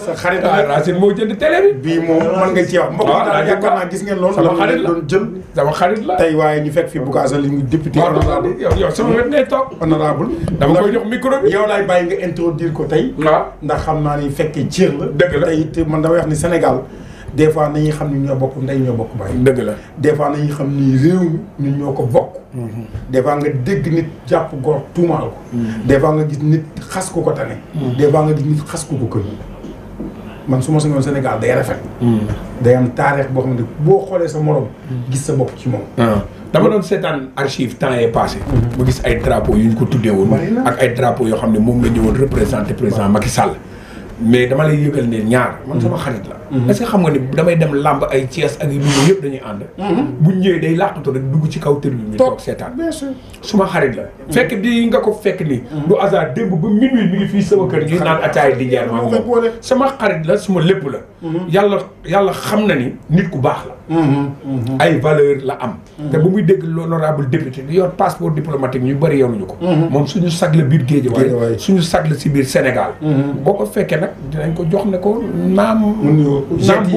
sa xarit daal ah, Racine moo jënd télé bi. bii moom ah, mën nga ci yi ah, naa gis ngeen loolu. sama xarit la doon la. tey waaye ñu fekk fi Bougazelli li mu député. honorable yow sama wet ngay toog. honorable dama ko tey. ndax xam naa ni fekkee cër la. dëgg la tey it man dama ni Sénégal des fois nañuy xam ni ñoo bokk ndey ñoo bokk bàyyi. dëgg la des fois nañuy xam ni réew mi ñoo ko bokk. Mm-hmm. des fois nga dégg nit jàpp góor tuumaal ko. des fois nga gis nit xas ko ko tamit des fois nga gis nit xas ku ko mm-hmm. kër man su ma sañoon Sénégal day rafet. Hmm. day am taarix boo xam ne boo xoolee sa morom. Hmm. gis sa bopp ci moom. Ah. dama doon seetaan archive temps est passé. ma hmm. gis ay drapeaux yu ñu ko tuddee woon. ak ay drapeaux yoo xam ne moom la ñëwoon représenté président Macky Sall. mais dama lay yëgal ne ñaar man sama xarit la. Mm-hmm. est que xam nga ni damay dem làmb ay Thiès ak yu ñu yëpp dañuy ànd. Mm-hmm. bu ñëwee day làqatu rek dugg ci kaw tribune bi toog seetaan. bien suma xarit la. Mm-hmm. fekk bi nga ko fekk nii. du hasard démb ba minuit mi ngi fii sama kër gi naan ataay di jaar maa sama xarit la suma lépp la. yàlla yàlla xam na ni nit ku baax la. Mm-hmm. ay valeur la am. Mm-hmm. té l'honorable député a un passeport diplomatique ñu bari ñuko mom mm-hmm. suñu biir suñu ci Sénégal. boko ko nak dinañ ko jox né ko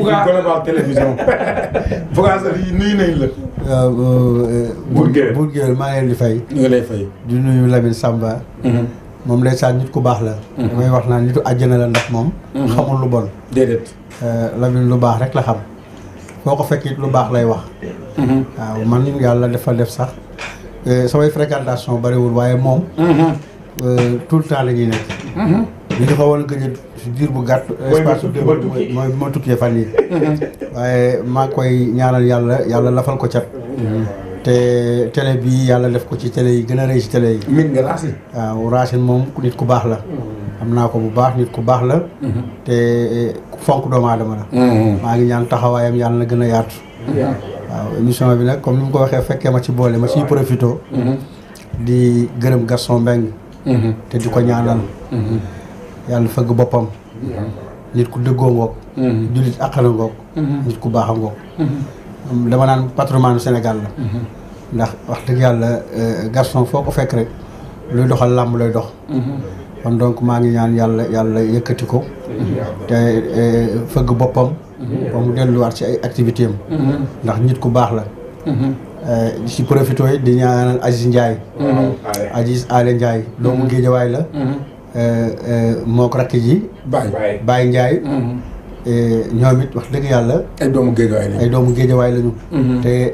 Global télévision sa la. Euh, euh, fay. fay. di Samba. lay nit ku bax la. may wax na nitu aljana la ndax mom xamul lu bon. Euh, Lamine lu bax rek la xam. foo ko fekk it lu baax lay wax. Mhm. waaw man yàlla defal def sax euh, samay fréquentation bariwul waaye moom. Mhm. Euh, tout le temps la ñuy nekk. Mhm. li ñu ko woon gëj a diir bu gàtt. Euh, espace bu mooy mooy ma tukkee fan yii. waaye maa koy ñaanal yàlla yàlla lafal ko cat. te télé bi yàlla def ko ci télé yi gën a rëy si télé yi. min waaw Racine moom nit ku baax la. xam naa ko bu baax nit ku baax la. Mm-hmm. te eh, fonk doomu aadama la. Mm-hmm. maa ngi ñaan taxawaayam yàlla na gën a yaatu. waaw émission bi nag comme ni mu ko waxee fekkee ma ci boole ma ciy profité. Mm-hmm. di gërëm Gaston Mbengue. te di ko ñaanal. yàlla fëgg boppam. nit ku dëggoo ngoog. jullit àqana ngoog. nit ku baax a ngoog. Um, dama naan patrimoine Sénégal la. ndax wax dëgg yàlla eh, Gaston foo ko fekk rek luy doxal làmb lay dox. kon donc maa ngi ñaan yàlla yàlla yëkkati ko te e, fëgg boppam ba mu delluwaat ci ay activité ndax nit ku baax la mhm. euh, ci profito yi di ñaanal Aziz Ndiaye mhm. Aziz Ale Ndiaye doomu mhm. Géejawaay la euh, euh, moo ko rakk ji Baye Baye ñoom it wax dëgg yàlla ay ay doomu Géejawaay lañu te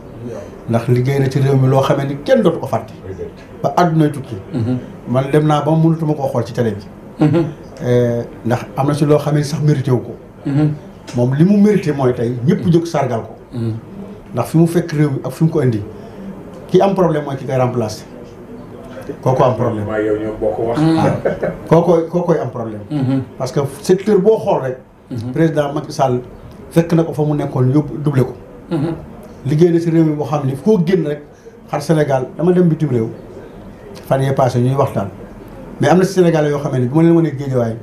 ndax liggéey na ci réew mi loo xamee ni kenn dootu ko fàtte ba àdduna tukki mhm. man dem naa ba mënatuma ko xool ci télé bi mhm. eh, ndax am na ci loo xamee ni sax mérité wu ko mhm. moom li mu mérité mooy tey ñëpp jóg sargal ko ndax fi mu fekk réew mi ak fi mu ko indi ki am problème mooy ki koy remplacer kooku am problème yow ñoo bokk wax kookooy ah. kookoy am problème parce que secteur boo xool rek président Macky Sall fekk na ko fa mu nekkoon yóbbu doublé ko liggéey na si réew mi boo xam ne foo génn rek xar Sénégal dama dem bitim réew fan yee passé ñuy waxtaan mais am na si Sénégal yoo xam ne bu ma leen wanee géejawaay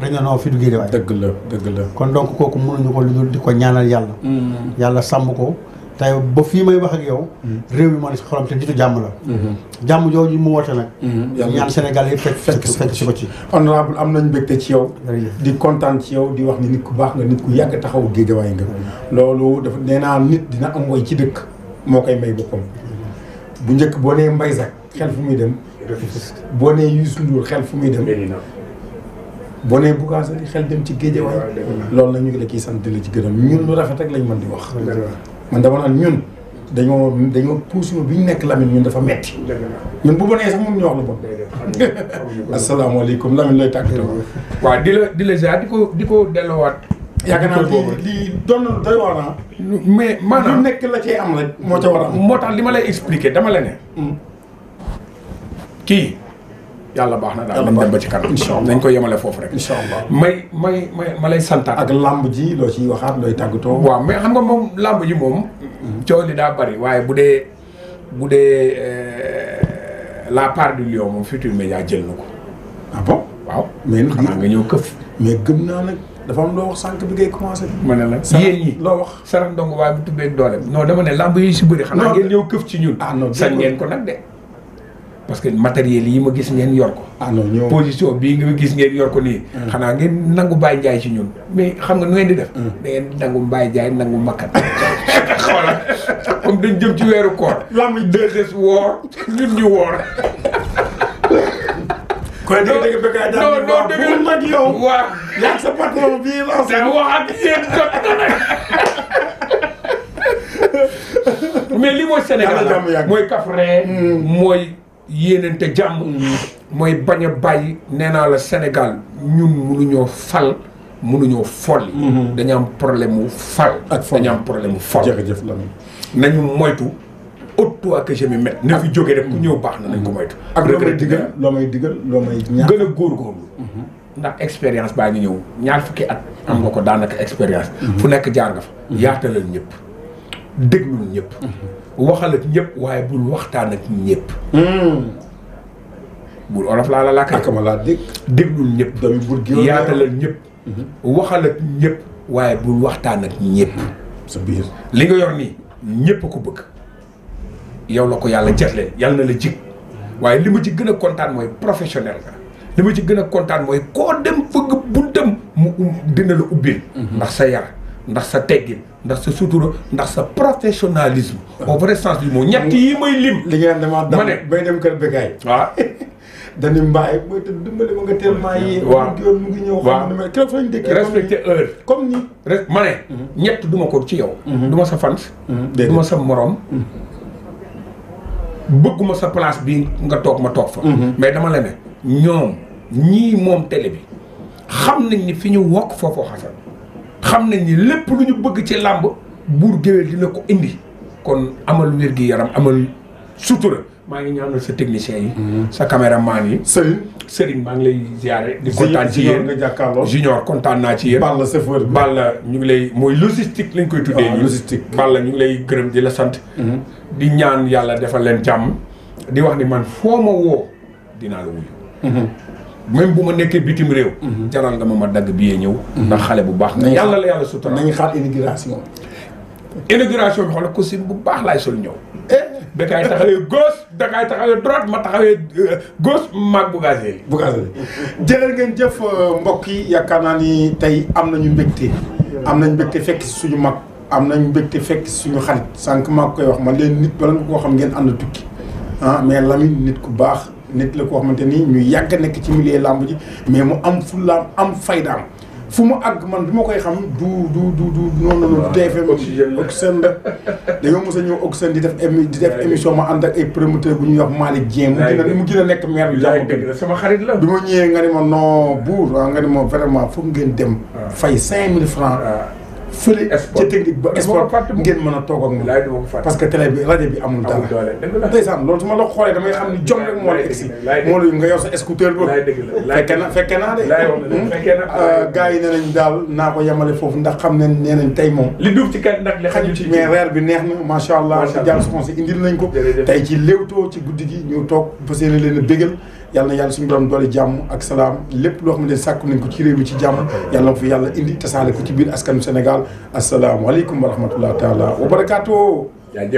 dañ ne non fi du géejawaay. dëgg la dëgg la. kon donc kooku mënuñu ko lu dul di ko ñaanal yàlla. Mm. yàlla sàmm ko. tey ba fii may wax ak yow. Hmm. réew yu ma ne si xolam te nitu jàmm la. Hmm. jàmm jooju mu woote nag. Hmm. ñaan Sénégal yëpp fekk fekk fekk si ko ci. honorable am nañ mbégte ci yow. di kontaan ci yow di wax ni nit ku baax nga nit ku yàgg taxawu géejawaay nga. loolu dafa nee naa nit dina am woy ci dëkk moo koy may boppam. bu njëkk boo nee Mbaye Sakk xel fu muy dem. boo nee Youssou Ndour xel fu muy dem. boo nee Bougazelli xel dem ci géejawaay. loolu nag ñu ngi la ciy sant di ci gërëm ñun lu rafet rek lañ mën di wax. man dama naan ñun dañoo dañoo position bi ñu nekk la Lamine ñun dafa metti ñun bu bonee sax moom ñu wax lu bon. asalaamaaleykum Lamine lay tàggatoo. waaw di la di la ziar di ko di ko delloowaat. yaakaar naa lii lii doon na doy waar naa. mais maanaam lu nekk la cee am rek moo ca war a moo tax li ma lay expliquer dama la mm. kii. yàlla baax na daal nañ dem ba ci kanam incha allah nañ ko yemale foofu rek incha allah may may may ma ak lamb ji loo ciy waxaat looy tàggatoo waaw mais xam nga moom lamb ji moom mm-hmm. coow li daa bari waaye bu dee bu dee euh, la part du lion moom Futurs Médias jël na ko ah waaw mais xanaa nga ñëw këf mais gëm naa nag dafa am loo wax sànq bi ngay commencé. ma ne la yéen ñi loo wax. sarax ndongo waaye bu tuddee doole. non dama ne lamb yi si bëri. xanaa ngeen ñëw këf ci ñun. ah non sañ ngeen ko nag de. parce que matériel yi ma gis ngeen yor ko. ah non position gis ngeen yor ko nii. Ah. xanaa ngeen nangu Baye Ndiaye ci ñun. mais xam nga nu ngeen di def. Ah. da ngeen nangu Baye Ndiaye nangu makkat. xoolal comme ci weeru koor. lamb yi deux li mooy Sénégal la mooy Kaffrine hmm. yéenante jàmm. mooy bañ a bàyyi nee naa la Sénégal ñun munuñoo fal munuñoo folli. Mhm. dañu am problème mu fal. ak fol dañu am problème mu fol. jërëjëf nañu moytu ôte ak que je me mette. na fi jógee rek ñëw baax na nañ ko mhm. moytu. ak loo may digal loo may digal loo may ñaax gën a góorgóorlu. Mhm. ndax expérience baa ngi ñëw ñaar fukki at. am nga ko daanaka expérience. fu nekk jaar nga fa. yaatalal ñëpp déglul ñëpp. waxal ak ñëpp waaye bul waxtaan ak ñëpp. Hmm. bul olof laa la làkk. ak ah, ma laa dégg. déglul ñëpp. doy bul gën yaatalal ñëpp. Mhm. waxal ak ñëpp. waaye bul waxtaan ak ñëpp. biir li nga yor nii ñëpp a ko bëgg. yow la ko yàlla jagle yàlla na la jig waaye li ma ci gën a kontaan mooy professionnel nga li ma ci gën a kontaan mooy koo dem fëgg buntam mu um, dina la ubbil. Mhm. ndax sa yar. ndax sa teggin ndax sa sutura ndax sa professionnalisme. au vrai sens du mot ñett yi may lim. li ngeen dama dama ne bay dem kër Bécaye. waaw. dañu mbaay booy te dimbali ma nga teel maa yee. waaw ñëw xam ne keroog fa ñu dëkkee. comme ni ma ne. Mhm. ñett duma ko ci yow. Mhm. duma sa fans. Mhm. duma ma sa morom. bëgguma sa place bi nga toog ma toog fa. mais dama la ne ñoom ñii moom tele bi xam nañ ni fi ñu wokk foofu xasan. xam nañ ni lépp lu ñu bëgg ci làmb buur géwél dina ko indi kon amal wér gi yaram amal sutura maa ngi ñaanal sa technicien yi. Mhm. sa caméraman yi. Serigne Serigne maa ngi lay ziare. di kontaan ci yéen junior kontaan naa ci yéen. Balla chauffeur bi Balla ñu ngi lay mooy logistique lañ koy tuddee. waaw ah, logistique Balla ñu ngi lay gërëm di la sant. Mhm. di ñaan yàlla defal leen jàmm. di wax ni man foo ma woo dinaa la wuyu. même bu ma nekkee bitim réew. Mhm. jaral nga ma ma dagg billet ñëw. Mhm. ndax xale bu baax. nañu yàlla la yàlla sutura nañu xaar inauguration. inauguration bi xoola costume bu baax laay sol ñëw. Bécaye eh, taxawee gauche Bécaye taxawee droite ma taxawee euh, gauche maag Bougazelli. Bougazelli jërë ngeen jëf euh, mbokk yi yaakaar naa ni tey am nañu mbégte. am nañu mbégte fekk suñu mag. am nañu mbégte fekk suñu xarit sànq maa koy wax ma leen nit bala koo xam ngeen ànd tukki ah mais nit ku baax. nekk la koo xamante ni ñu yàgg nekk ci milieu làmb ji mais mu am fullaam am faydaam fu mu àgg man bi ma koy xam du du du du noonu noonu TFM Oxygène la dañoo mos a ñëw Oxygène di def émi di def émission ma ànd ak ay promoteur bu ñu wax Malick Dieng mu gën a mu gën a nekk maire jàmm sama xarit la bi ma ñëwee nga ne ma non buur waaw nga ne ma vraiment foog ngeen dem fay cinq mille francs fële ci technique ngeen mën a toog ak moom parce que télé bi rajo bi amul dara ndeysaan loolu su ma la xoolee damay xam ni jom rek moo la egsi moo la nga yor sa scooter ba fekke na fekke naa de hmm? euh, gars yi ne nañ daal naa ko yamale foofu ndax xam ne nee nañ tey moom li duuf ci kat ndax li xaju ci mais reer bi neex na macha allah si jàll sponsor indil nañ ko tey ci Leewtoo ci guddi gi ñu toog fas yéene leen a bégal yàlla na yàlla suñu borom doole jàmm ak salaam lépp loo xam ne sàkku nañ ko ci réew mi ci jàmm yàlla na fa yàlla indi tasaale ko ci biir askanu Sénégal asalaamualeykum wa rahmatullah taala wa barakaatu